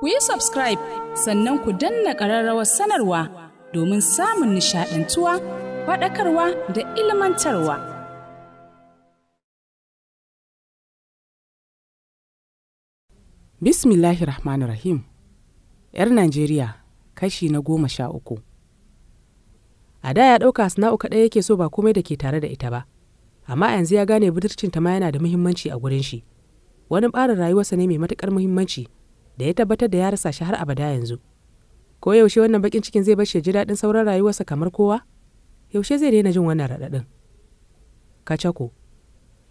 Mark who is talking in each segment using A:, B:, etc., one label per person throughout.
A: ku yi subscribe sannan ku danna ƙararrawar sanarwa domin samun nishaɗantuwa faɗakarwa da ilmantarwa. Bismillahir Rahmanir Rahim ‘Yar Najeriya kashi na goma sha uku. A da ya ɗauka sana'u kaɗai yake so ba komai da ke tare da ita ba, amma yanzu ya gane budurcinta ma yana da muhimmanci a gurin shi. Wani ɓarin rayuwarsa ne mai matuƙar muhimmanci. da ya tabbatar da ya rasa shi har abada yanzu ko yaushe wannan bakin cikin zai bashi ji daɗin sauran rayuwarsa kamar kowa yaushe zai daina jin wannan raɗaɗin kacako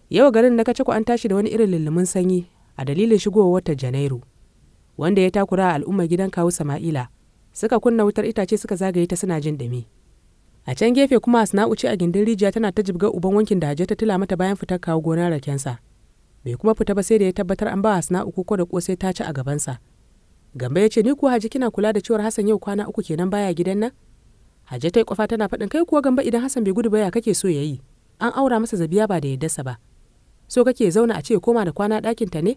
A: yau garin na kacako an tashi da wani irin lullumin sanyi a dalilin shigowar watan janairu wanda ya takura a al'ummar gidan kawu sama'ila suka kunna wutar itace suka zagaye ta suna jin ɗumi a can gefe kuma asna'u ce a gindin rijiya tana ta jibga uban wankin da hajjata tila mata bayan fitar kawo gona rakensa bai kuma fita ba sai da ya tabbatar an ba hasna uku ko da kosai ta ci a gabansa Gambo ya ce ni kuwa haji kina kula da cewar hassan yau kwana uku kenan baya gidan nan haji ta yi kwafa tana faɗin kai kuwa Gambo idan hassan bai gudu baya kake so ya yi an aura masa zabiya ba da yaddarsa ba so kake zauna a ce koma da kwana ɗakinta ne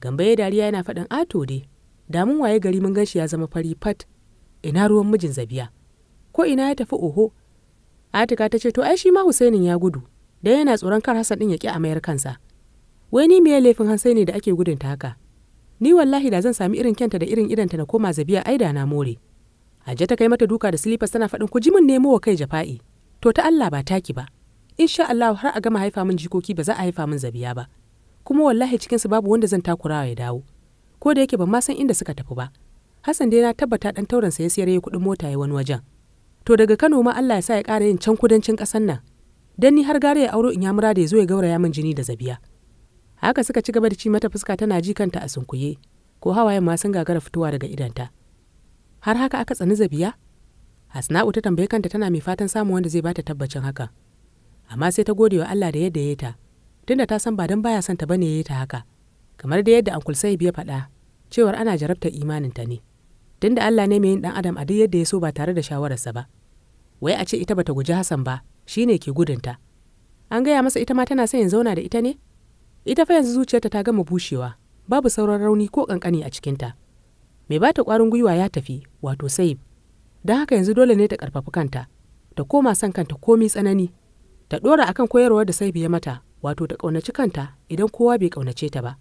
A: gamba ya dariya yana faɗin ato dai damun waye gari mun gan shi ya zama fari fat ina ruwan mijin zabiya ko ina ya tafi oho atika ta ce to ai shi ma husainin ya gudu dan yana tsoron kar hassan ɗin ya ki a mayar kansa wai ni miye laifin hansai ne da ake gudun ta haka ni wallahi da zan sami irin kyanta da irin idanta na koma zabiya ai da na more Hajja ta kai mata duka da silifas tana faɗin ku ji min nemo wa kai jafa'i to ta Allah ba taki ba insha Allah har a gama haifa min jikoki ba za a haifa min zabiya ba kuma wallahi cikin su babu wanda zan takura ya dawo ko da yake ban ma san inda suka tafi ba Hassan dai na tabbata dan tauran sa ya siyar ya kudin mota ya wani wajen to daga Kano ma Allah ya sa ya ƙara yin can kudancin ƙasar nan dan ni har gare ya auro in ya mura da ya zo ya gauraya min jini da zabiya haka suka ci gaba da ci mata fuska tana ji kanta a sunkuye ko hawayen ma sun gagara fitowa daga idanta har haka aka tsani zabiya hasna'u ta tambaye kanta tana mai fatan samu wanda zai bata tabbacin hakan amma sai ta gode wa Allah da yadda ya ta tunda ta san ba dan baya son ta bane ya ta haka kamar da yadda Ankul Sahib ya faɗa cewar ana jarabtar imanin ta ne tunda Allah ne mai yin dan adam a duk yadda ya so ba tare da shawararsa ba wai a ce ita bata guji Hassan ba shine ke gudunta an gaya masa ita ma tana son yin zauna da ita ne ita fa yanzu zuciyarta ta gama bushewa babu sauran rauni ko kankani a cikinta mai bata kwarin gwiwa ya tafi wato saib don haka yanzu dole ne ta karfafi kanta ta koma son kanta komi tsanani ta dora akan koyarwa da sayib ya mata wato ta kaunaci kanta idan kowa bai kaunace ta ba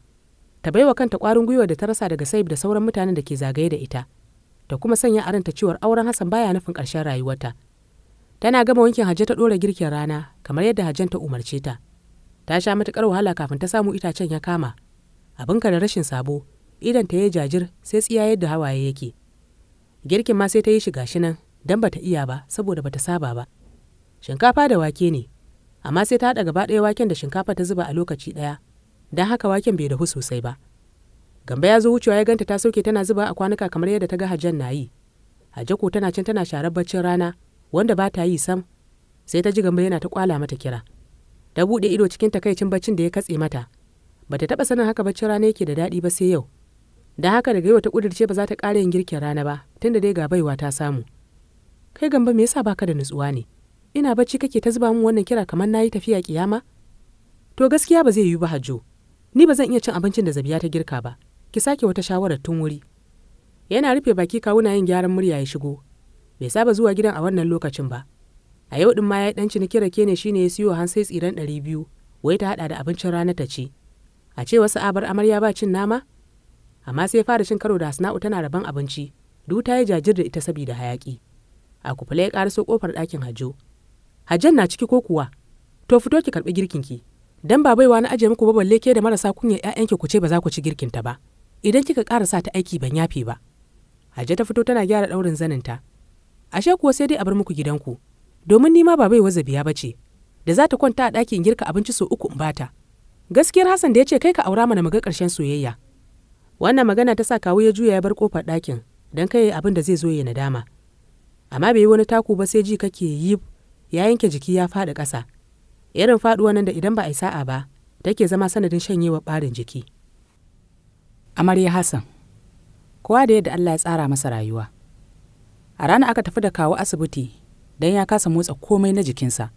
A: ta bai wa kanta kwarin gwiwa da ta rasa daga saib da sauran mutanen da ke zagaye da ita ta kuma sanya aranta cewar auren hasan baya nufin karshen rayuwarta. Tana gama wankin Hajja ta ɗora girkin rana kamar yadda Hajjan ta umarce ta. ta sha matuƙar wahala kafin ta samu itacen ya kama abin da rashin sabo idan ta yi jajir sai tsiya yadda hawaye yake girkin ma sai ta yi shi gashi nan don bata iya ba saboda ba ta saba ba shinkafa da wake ne amma sai ta haɗa gaba ɗaya waken da shinkafa ta zuba a lokaci ɗaya don haka waken bai dahu sosai ba gamba ya zo wucewa ya ganta ta sauke tana zuba a kwanuka kamar yadda ta ga hajjan na yi hajjako tana can tana sharar baccin rana wanda ba ta yi sam sai ta ji gamba yana ta kwala mata kira ta buɗe ido cikin takaicin baccin da ya katse mata ba ta taɓa sanin haka baccin rana yake da daɗi ba sai yau da haka daga yau ta ƙudirce ba za ta ƙara yin girkin rana ba tunda dai ga baiwa ta samu kai gamba me yasa baka da nutsuwa ne ina bacci kake ta zuba min wannan kira kamar na yi tafiya kiyama to gaskiya ba zai yiwu ba hajjo ni ba zan iya cin abincin da zabiya ta girka ba ki sake wata shawarar tun wuri yana rufe baki kawuna yin gyaran murya ya shigo bai saba zuwa gidan a wannan lokacin ba a yau din ma ya dan ciniki rake ne shine ya siyo hansai tsiran ɗari biyu wai ta haɗa da abincin rana ta ce. a ce wasu abar amarya ba cin nama amma sai fara cin karo da hasna'u tana rabon abinci duk ta yi jajir da ita saboda hayaƙi a kufula ya karaso kofar ɗakin hajo. hajjan na ciki ko kuwa to fito ki karɓi girkin ki. dan ba baiwa na aje muku ba balle ke da marasa kunya ki ku ce ba za ku ci girkin ta ba idan kika ƙara sa ta aiki ban yafe ba hajja ta fito tana gyara ɗaurin zaninta ashe kuwa sai dai a bar muku gidanku domin nima ba waza wazabiya ba ce da za ta kwanta a ɗakin girka abinci sau uku in bata gaskiyar hassan da ya ce kai ka aura mana muga ƙarshen soyayya wannan magana ta sa kawu ya juya ya bar kofar ɗakin don kai abin da zai zo ya nadama amma bai yi wani taku ba sai ji kake yi ya yanke jiki ya faɗi ƙasa irin faɗuwa nan da idan ba a yi sa'a ba take zama sanadin shanyewa ɓarin jiki amarya hassan kowa da yadda allah ya tsara masa rayuwa a rana aka tafi da kawo asibiti don ya kasa motsa komai na jikinsa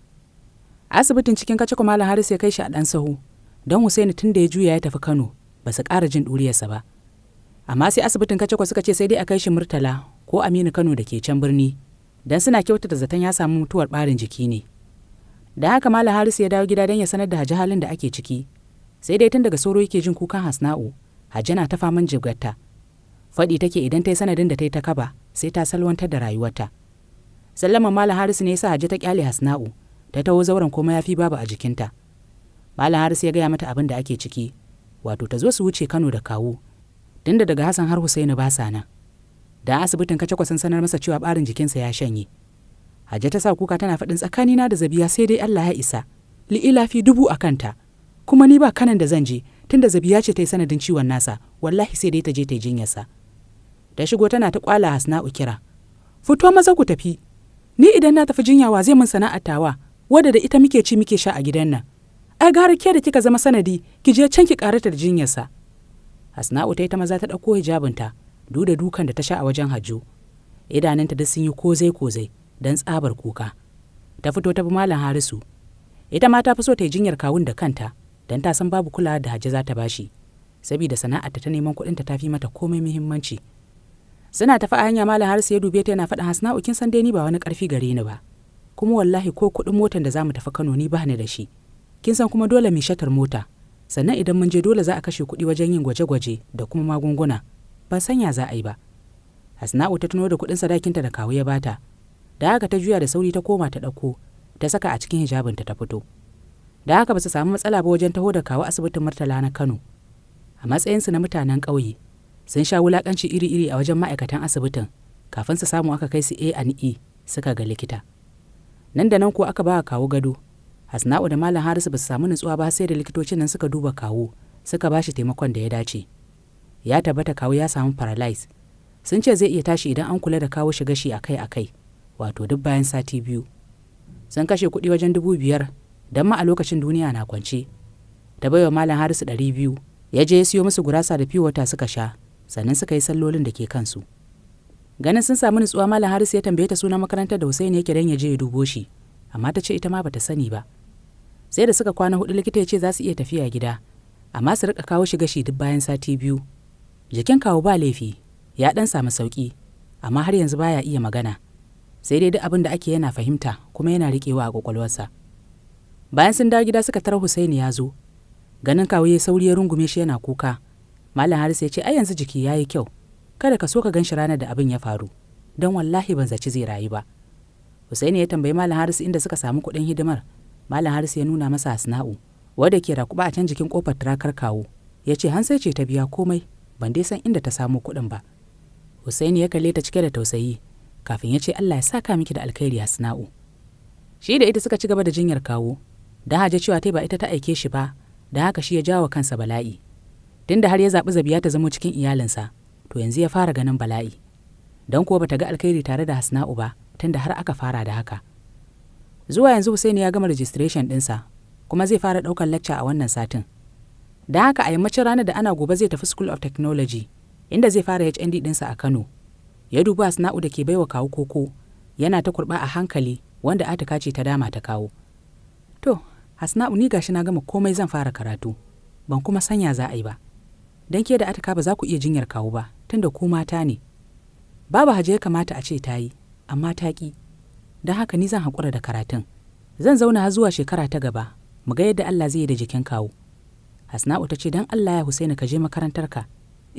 A: asibitin cikin kace kuma haris ya kai shi a dan sahu don husaini tun da ya juya ya tafi kano ba su ƙara jin ɗuriyarsa ba amma sai asibitin kace suka ce sai dai a kai shi murtala ko aminu kano da ke can birni don suna kyautata zaton ya samu mutuwar ɓarin jiki ne da haka malam harisu ya dawo gida don ya sanar da haji halin da ake ciki sai dai tun daga sauro yake jin kukan hasna'u hajji na ta faman jibgarta faɗi take idan ta yi sanadin da ta yi ta kaba sai ta salwantar da rayuwarta sallama malam harisu ne yasa hajji ta kyale hasna'u ta taho zauren ya fi babu a jikinta malam harisu ya gaya mata abin da ake ciki wato ta zo su wuce kano da kawo tunda daga hassan har husainu ba sa nan da asibitin kace kwasan sanar masa cewa barin jikinsa ya shanye hajji ta sa kuka tana faɗin tsakanina da zabiya sai dai allah ya isa li'ila fi dubu a kanta kuma ni ba kanan da zan je tunda zabiya ce ta yi sanadin ciwon nasa wallahi sai dai ta je ta yi jinyarsa ta shigo tana ta kwala hasna'u kira fito maza ku tafi ni idan na tafi jinya wa zai min sana'a tawa wadda da ita muke ci muke sha a gidan nan ai gara ke da kika zama sanadi ki je can ki karatar da jinyarsa hasna'u ta ita maza ta ɗauko hijabinta duk da dukan da ta sha a wajen hajjo idanunta duk sun yi kozai kozai don tsabar kuka ta fito ta bi malam harisu ita ma ta fi so ta yi jinyar kawun da kanta don ta san babu kulawa da hajji za ta bashi saboda sana'arta ta neman kuɗinta ta fi mata komai muhimmanci suna tafi a hanya malam harisu ya dube ta yana faɗin hasna'u kin san dai ni ba wani ƙarfi gare ni ba kuma wallahi ko kuɗin motar da za mu tafi kano ni ba ni da shi kin san kuma dole mu shatar mota sannan idan mun je dole za a kashe kuɗi wajen yin gwaje-gwaje da kuma magunguna ban sanya za a yi ba hasna'u ta tuno da kuɗin sadakinta da kawu ya bata da haka ta juya da sauri ta koma ta ɗauko ta saka a cikin hijabinta ta fito da haka ba su samu matsala ba wajen taho da kawo asibitin murtala na kano a matsayinsu na mutanen ƙauye sun sha wulakanci iri-iri a wajen ma'aikatan asibitin kafin su samu aka kai su a and e suka ga likita nan da nan ko aka ba kawo gado hasna'u da malam harisu ba su samu nutsuwa ba sai da likitocin nan suka duba kawo suka ba shi taimakon da ya dace ya tabbata kawo ya samu paralyze sun ce zai iya tashi idan an kula da kawo shi shi akai akai wato duk bayan sati biyu sun kashe kuɗi wajen dubu biyar don ma a lokacin duniya na kwance da baiwa malam harisu ɗari biyu ya je ya siyo musu gurasa da fiwata suka sha sannan suka yi sallolin da ke kansu ganin sun samu nutsuwa malam haris ya tambaye ta sunan makarantar da husaini yake don ya je ya dubo shi amma ta ce ita ma bata sani ba sai da suka kwana hudu likita ya ce za su iya tafiya gida amma su rika kawo shi gashi duk bayan sati biyu jikin kawo ba laifi ya dan samu sauki amma har yanzu baya iya magana sai dai duk abin da ake yana fahimta kuma yana riƙewa a kwakwalwarsa bayan sun dawo gida suka tara husaini ya zo ganin kawo ya sauri ya rungume shi yana kuka malam haris ya ce a yanzu jiki ya yi kyau kada ka so ka ganshi ranar da abin ya faru don wallahi ban zaci zai rayu ba Husaini ya tambayi malam haris inda suka samu kuɗin hidimar malam haris ya nuna masa asna'u wadda ke rakuba a can jikin kofar turakar kawo ya ce hansai ce ta biya komai ban dai san inda ta samu kuɗin ba Husaini ya kalle ta cike da tausayi kafin ya ce Allah ya saka miki da alkhairi Hasna'u. Shi da ita suka ci gaba da jinyar kawo, da haje cewa ta ba ita ta aike shi ba, da haka shi ya jawo kansa bala'i. da har ya zaɓi zabiya ta zama cikin iyalinsa to yanzu ya fara ganin bala'i don kuwa bata ga alkhairi tare da hasna'u ba tunda har aka fara da haka zuwa yanzu husaini ya gama registration ɗinsa kuma zai fara ɗaukar lacca a wannan satin da haka a yammacin ranar da ana gobe zai tafi school of technology inda zai fara hnd ɗinsa a kano ya dubi hasna'u da ke baiwa kawo koko yana ta kurɓa a hankali wanda atika ce ta dama ta kawo to hasna'u ni gashi na gama komai zan fara karatu ban kuma sanya za a yi ba don ke da ataka ba za ku iya jinyar kawo ba tunda ku mata ne babu haje ya kamata a ce ta yi amma ta ƙi don haka ni zan haƙura da karatun zan zauna har zuwa shekara ta gaba mu ga yadda Allah zai yi da jikin kawo. Hasna'u ta ce don Allah ya Husaina ka je makarantarka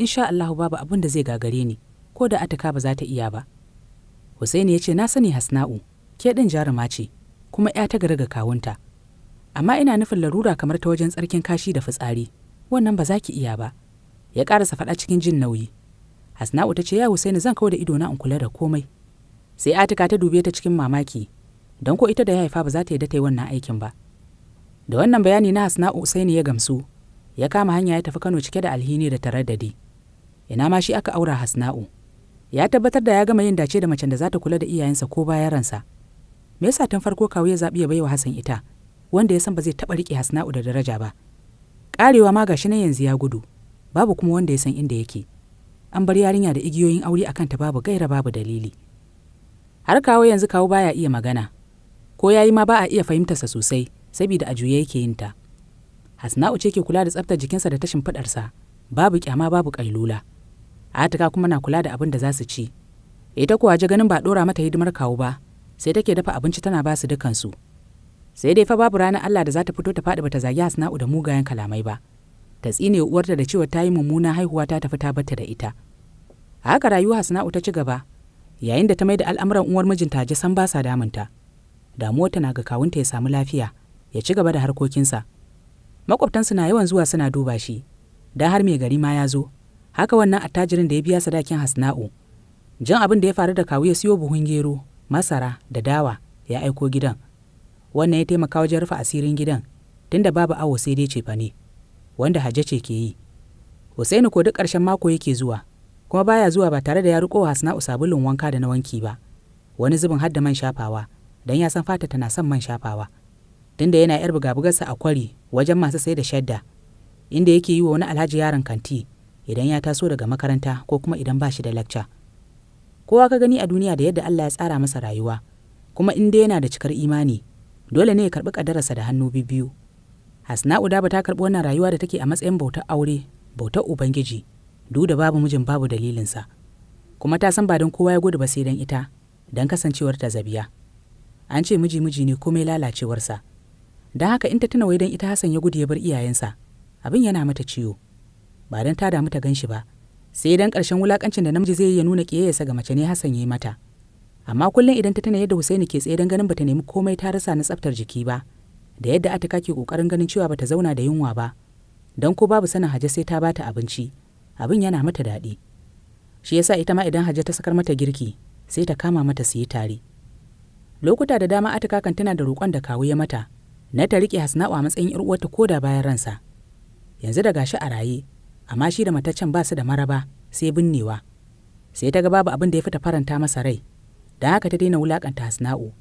A: sha Allahu babu abin da zai gagare ni ko da ataka ba za ta iya ba Husaini ya ce na sani Hasna'u ke ɗin jaruma ce kuma ya ta ga kawunta amma ina nufin larura kamar ta wajen tsarkin kashi da fitsari wannan ba za ki iya ba ya ƙarasa faɗa cikin jin nauyi hasna'u ta ce ya husaini zan kawo da idona in kula da komai sai atika ta dube ta cikin mamaki don ko ita da ya haifa ba za ta yi ta yi wannan aikin ba da wannan bayani na hasna'u husaini ya gamsu ya kama hanya ya tafi kano cike da alhini da taraddadi ina ma shi aka aura hasna'u ya tabbatar da ya gama yin dace da macen da za ta kula da iyayensa ko bayan ransa me yasa tun farko kawu ya zaɓi ya baiwa hassan ita wanda ya san ba zai taɓa riƙe hasna'u da daraja ba ƙarewa ma gashi na yanzu ya gudu babu kuma wanda ya san inda yake an bar yarinya da igiyoyin aure a kanta babu gaira babu dalili har kawo yanzu kawo baya iya magana ko yayi ma ba a iya fahimtarsa sosai saboda a juye yake yin ta hasna'u ce ke kula da tsaftar jikinsa da tashin fadarsa babu kyama babu kailula atika kuma na kula da abin da za su ci ita kuwa ji ganin ba dora mata hidimar kawo ba sai take dafa abinci tana ba su dukansu sai dai fa babu ranar Allah da za ta fito ta faɗi ta zagi Hasna'u da mugayen kalamai ba. ta tsine uwarta da cewa ta yi mummuna haihuwa ta tafi ta bata da ita a haka rayuwa hasana'u ta ci gaba yayin da ta mai da al'amuran uwar mijinta ji san ba sa damunta damuwa tana ga kawunta ya samu lafiya ya ci gaba da harkokinsa maƙwabtansu na yawan zuwa suna duba shi dan har mai gari ma ya zo haka wannan attajirin da ya biya sadakin hasna'u jan abin da ya faru da kawu ya siyo buhun gero masara da dawa ya aiko gidan wannan ya taimaka wajen rufe asirin gidan tunda babu awo sai dai cefane. ne wanda Hajje ce ke yi Husainu ko duk ƙarshen mako yake zuwa kuma baya zuwa ba tare da ya riko Hasna'u sabulun wanka da na wanki ba wani zubin har da man shafawa dan ya san fata tana son man shafawa tunda yana yar bugarsa a kwari wajen masu sai da shadda inda yake yi wa wani alhaji yaron kanti idan ya taso daga makaranta ko kuma idan ba shi da lacca kowa ka gani a duniya da yadda Allah ya tsara masa rayuwa kuma inda yana da cikar imani dole ne ya karɓi ƙadararsa da hannu biyu hasna'u da ba ta karɓi wannan rayuwa da take a matsayin bautar aure bautar ubangiji duk da babu mijin babu dalilinsa kuma ta san ba don kowa ya gudu ba sai don ita don kasancewar ta zabiya an ce miji miji ne komai lalacewarsa don haka in ta tuna wai don ita hassan ya gudu ya bar iyayensa abin yana mata ciwo ba don ta damu ta gan ba sai don ƙarshen wulakancin da namiji zai ya nuna ƙiyayyarsa ga mace ne hassan ya yi mata amma kullum idan ta tuna yadda husaini ke tsaye don ganin bata nemi komai ta rasa na tsaftar jiki ba da yadda atika ke kokarin ganin cewa bata zauna da yunwa ba don ko babu sanin haje sai ta bata abinci abin yana mata daɗi shi yasa ita ma idan haje ta sakar mata girki sai ta kama mata su yi tare lokuta da dama atika kan tana da roƙon da kawu ya mata na ta riƙe hasna'u a matsayin yar uwarta ko da bayan ransa yanzu da gashi a raye amma shi da mataccen ba su da maraba sai binnewa sai ta ga babu abin da ya fita faranta masa rai da haka ta daina wulakanta hasna'u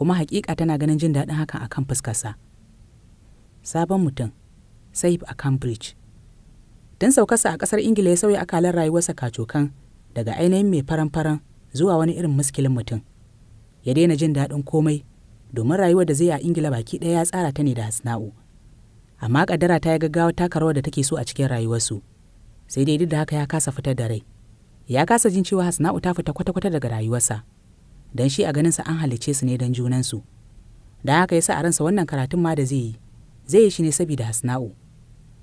A: kuma hakika tana ganin jin daɗin hakan akan fuskarsa sabon mutum saif a cambridge don saukarsa a ƙasar ingila ya sauya akalar rayuwarsa kacokan daga ainihin mai faran-faran zuwa wani irin muskilin mutum ya daina jin daɗin komai domin rayuwar da zai a ingila baki ɗaya ya tsara ta ne da hasna'u amma ƙaddara ta ya gaggawa taka rawar da take so a cikin rayuwarsu sai dai duk da haka ya kasa fitar da rai ya kasa jin cewa hasna'u ta fita kwata-kwata daga rayuwarsa don shi a ganinsa an halicce su ne don junansu da haka ya sa a ransa wannan karatun ma da zai yi zai yi shi ne saboda hasna'u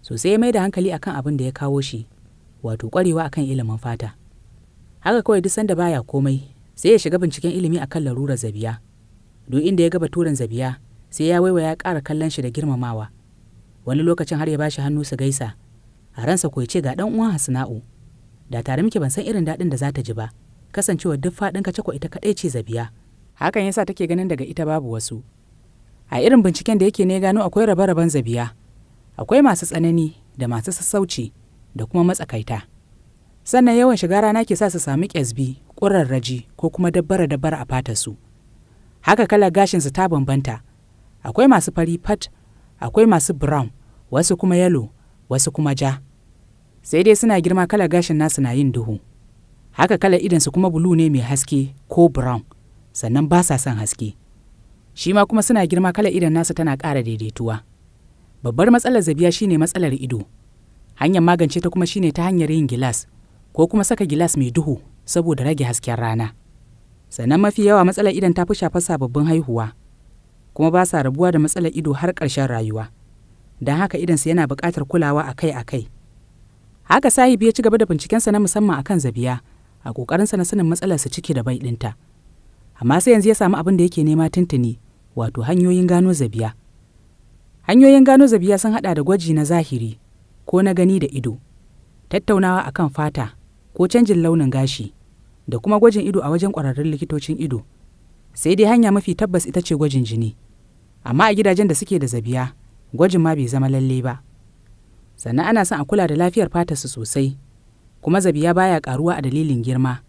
A: sosai ya mai da hankali akan abin da ya kawo shi wato kwarewa akan ilimin fata haka kawai duk sanda baya komai sai ya shiga binciken ilimi akan larurar zabiya duk inda ya gaba turan zabiya sai ya waiwa ya ƙara kallon shi da girmamawa wani lokacin har ya bashi hannu su gaisa a ransa ko ya ce ga dan uwan hasna'u da tare muke ban san irin daɗin da za ta ji ba kasancewa duk faɗin cakwa ita kaɗai ce zabiya hakan yasa take ganin daga ita babu wasu a irin binciken da yake ne gano akwai rabe-raben zabiya akwai masu tsanani da masu sassauci da kuma matsakaita sannan yawan shiga rana ke sa su sami ƙyasbi ƙurarraji ko kuma dabbara-dabbara a fatarsu haka kalar su ta bambanta akwai masu fari fat akwai masu brown wasu kuma yalo wasu kuma ja sai dai suna girma kalar gashin nasu na yin duhu haka kalar su kuma bulu ne mai haske ko brown sannan ba sa son haske shi ma kuma suna girma kalar idan nasu tana ƙara daidaituwa babbar matsalar zabiya shine matsalar ido hanyar magance ta kuma shine ta hanyar yin gilas ko kuma saka gilas mai duhu saboda rage hasken rana sannan mafi yawa matsalar idan ta fi shafar sababbin haihuwa kuma ba sa rabuwa da matsalar ido har ƙarshen rayuwa don haka su yana buƙatar kulawa akai-akai haka sahibi ya ci gaba da bincikensa na musamman akan zabiya a ƙoƙarinsa na sanin matsalarsa ciki da bai ɗinta amma sai yanzu ya samu abin da yake nema tuntuni wato hanyoyin gano zabiya hanyoyin gano zabiya sun haɗa da gwaji na zahiri ko na gani da ido tattaunawa akan fata ko canjin launin gashi da kuma gwajin ido a wajen ƙwararrun likitocin ido sai dai hanya mafi tabbas ita ce gwajin jini amma a gidajen da suke da zabiya gwajin ma bai zama lalle ba sannan ana son a kula da lafiyar su sosai kuma zabiya baya karuwa a dalilin girma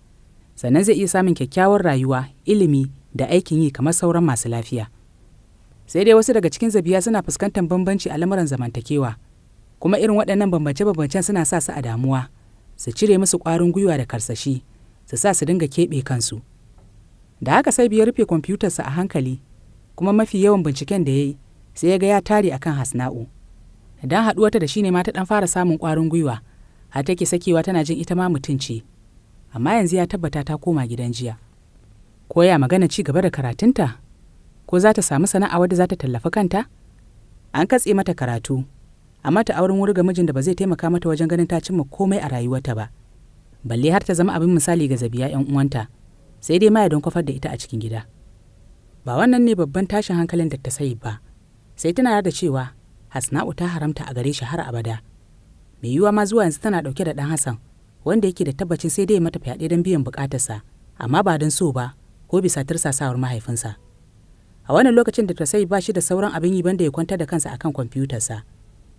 A: sannan zai iya samun kyakkyawar rayuwa ilimi da aikin yi kamar sauran masu lafiya sai dai wasu daga cikin zabiya suna fuskantar bambanci a lamuran zamantakewa kuma irin waɗannan bambance-bambancen suna sa su a damuwa su cire musu ƙwarin gwiwa da karsashi su sa su dinga keɓe kansu da haka sai biya rufe kwamfutarsa a hankali kuma mafi yawan binciken da ya yi sai ya ga ya tare akan hasna'u don haɗuwata da shi ne ma ta ɗan fara samun ƙwarin gwiwa har take sakewa tana jin ita ma mutum ce amma yanzu ya tabbata ta koma gidan jiya ko ya magana ci gaba da karatunta ko za ta samu sana'a wadda za ta tallafa kanta an katse mata karatu amma ta auren wuri ga mijin da ba zai taimaka mata wajen ganin ta cimma komai a rayuwarta ba balle har ta zama abin misali ga zabiya yan uwanta sai dai maya don kwafar da ita a cikin gida ba wannan ne babban tashin hankalin da ta sayi ba sai tana da cewa hasna'u ta haramta a gare shi har abada mai yiwuwa ma zuwa yanzu tana dauke da ɗan hassan wanda yake da tabbacin sai dai mata fyaɗe don biyan buƙatarsa amma ba don so ba ko bisa tirsasawar mahaifinsa a wannan lokacin da tasai ba shi da sauran abin yi banda ya kwanta da kansa akan kwamfutarsa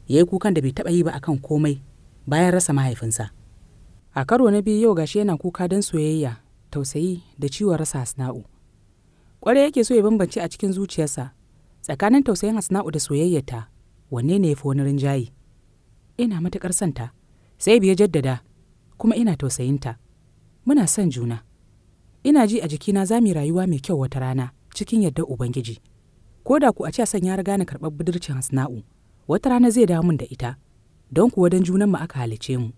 A: ya yi kukan da bai taɓa yi ba akan komai bayan rasa mahaifinsa a karo na biyu yau gashi yana kuka don soyayya tausayi da ciwon rasa hasna'u kwarai yake so ya bambance a cikin zuciyarsa tsakanin tausayin hasna'u da soyayyarta wanne ne ya fi wani rinjaye ina matuƙar santa sai biya jaddada kuma ina tausayinta muna son juna ina ji a jikina za mu rayuwa mai kyau wata rana cikin yardar ubangiji ko da ku a ce san ya riga na karɓar budurcin hasna'u wata rana zai dawo mun da ita don kuwa don junanmu aka halice mu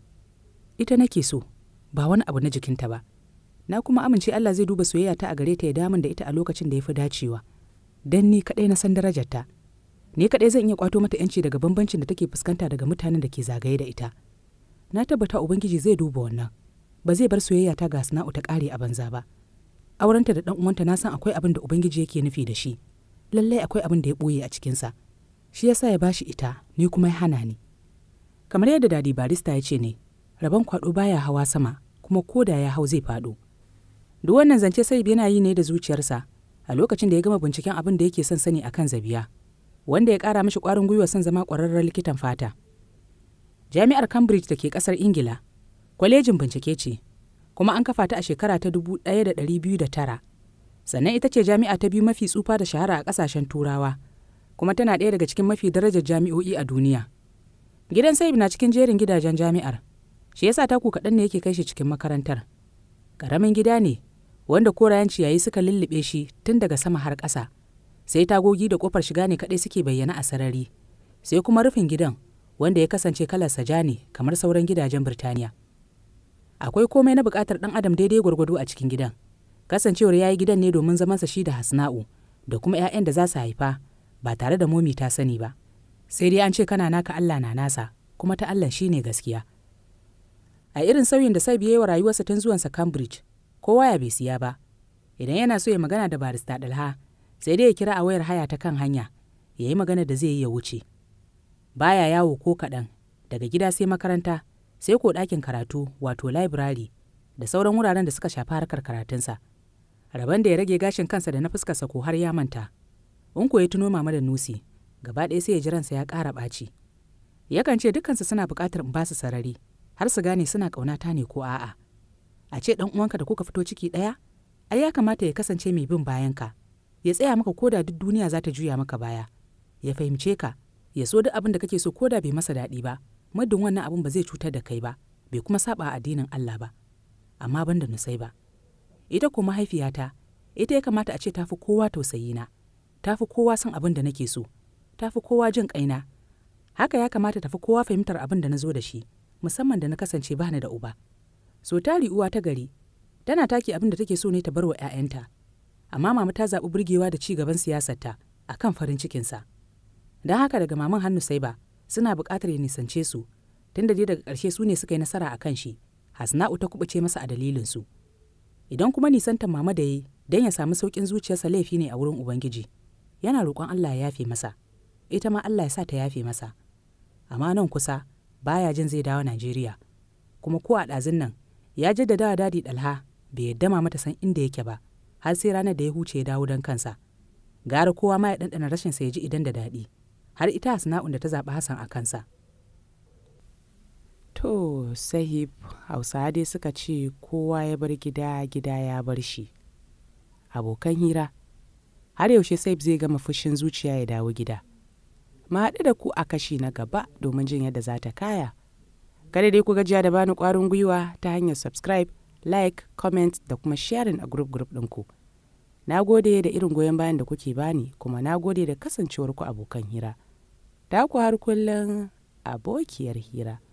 A: ita nake so ba wani abu na jikinta ba na kuma amince Allah zai duba soyayya ta a gare ta ya damun da ita a lokacin da ya fi dacewa don ni kaɗai na san darajarta ni kaɗai zan iya kwato mata yanci daga bambancin da take fuskanta daga mutanen da ke zagaye da ita na tabbata ubangiji zai duba wannan ba zai bar soyayya ta ga sana'u ta ƙare a banza ba aurenta da ɗan uwanta na san akwai abin da ubangiji yake nufi da shi lallai akwai abin da ya ɓoye a cikin sa shi yasa ya bashi ita ni kuma ya hana ni kamar yadda dadi barista ya ce ne rabon kwaɗo baya hawa sama kuma ko da ya hau zai faɗo duk wannan zance sai yana yi ne da zuciyarsa a lokacin da ya gama binciken abin da yake son sani akan zabiya wanda ya ƙara mashi kwarin gwiwa son zama ƙwararren likitan fata. Jami'ar Cambridge da ke ƙasar Ingila, kwalejin bincike ce, kuma an kafa ta a shekara ta dubu da da biyu tara Sannan ita ce jami'a ta biyu mafi tsufa da shahara a ƙasashen Turawa, kuma tana ɗaya daga cikin mafi darajar jami'o'i a duniya. Gidan Saib na cikin jerin gidajen jami'ar, shi yasa taku kaɗan ne yake kai shi cikin makarantar. Ƙaramin gida ne, wanda korayen ciyayi suka lullube shi tun daga sama har ƙasa. sai tagogi da kofar shiga ne kadai suke bayyana a sarari sai kuma rufin gidan wanda ya kasance kalar ja ne kamar sauran gidajen birtaniya akwai komai na buƙatar ɗan adam daidai gwargwado a cikin gidan kasancewar ya yi gidan ne domin zamansa shi da hasna'u da kuma 'ya'yan da za su haifa ba tare da momi ta sani ba sai dai an ce kana naka allah na nasa kuma ta allah shine gaskiya a irin sauyin da sai biye wa rayuwarsa tun zuwansa cambridge kowa ya bai siya ba idan yana so ya magana da barista dalha. sai dai ya kira a wayar haya ta kan hanya ya yi magana da zai yi ya wuce baya yawo ko kaɗan daga gida sai makaranta sai ko ɗakin karatu wato library da sauran wuraren da suka shafi harkar karatunsa rabon da ya rage gashin kansa da na fuskarsa ko har ya manta in ko ya tuno mama da nusi gaba ɗaya sai ya ji ransa ya ƙara ɓaci yakan ce dukkansu suna buƙatar in ba su sarari har su gane suna ƙaunata ne ko a'a a ce ɗan uwanka da kuka fito ciki ɗaya ai ya kamata ya kasance mai bin bayan ka. ya tsaya maka koda duk duniya za ta juya maka baya ya fahimce ka ya so duk abin da kake so koda bai masa daɗi ba muddin wannan abin ba zai cutar da kai ba bai kuma saba addinin Allah ba amma ban da nusai ba ita ko mahaifiyata ita ya kamata a ce tafi kowa tausayina tafi kowa san abin da nake so tafi kowa jin kaina haka ya kamata tafi kowa fahimtar abin da na zo da shi musamman da na kasance bani da uba so tari uwa ta gari tana taki abin da take so ne ta bar wa 'ya'yanta amma mama ta zaɓi burgewa da ci gaban siyasarta a kan farin cikinsa don haka daga maman hannu sai ba suna buƙatar ya nisance su tun dai daga ƙarshe su ne suka yi nasara a kan shi hasna'u ta kuɓuce masa a dalilinsu idan kuma nisantar mama da yi don ya samu sauƙin zuciyarsa laifi ne a wurin ubangiji yana roƙon allah ya yafe masa ita ma allah ya sa ta yafe masa amma nan kusa baya jin zai dawo najeriya kuma ko a ɗazin nan ya jaddada wa dadi ɗalha bai yadda mama ta san inda yake ba har sai ranar da ya huce ya dawo don kansa gara kowa ma ya ɗanɗana rashin sa ya ji idan da daɗi har ita sana'un da ta zaɓi hassan a kansa to sahib hausa dai suka ce kowa ya bar gida gida ya bar shi abokan hira har yaushe sahib zai gama fushin zuciya ya dawo gida ma haɗu da ku a kashi na gaba domin jin yadda za ta kaya kada dai ku gajiya da bani ƙwarin gwiwa ta hanyar subscribe like comment da kuma sharing a group group ɗinku na gode da irin goyon bayan da kuke bani kuma na gode da kasancewar ku abokan hira da ku har kullum abokiyar hira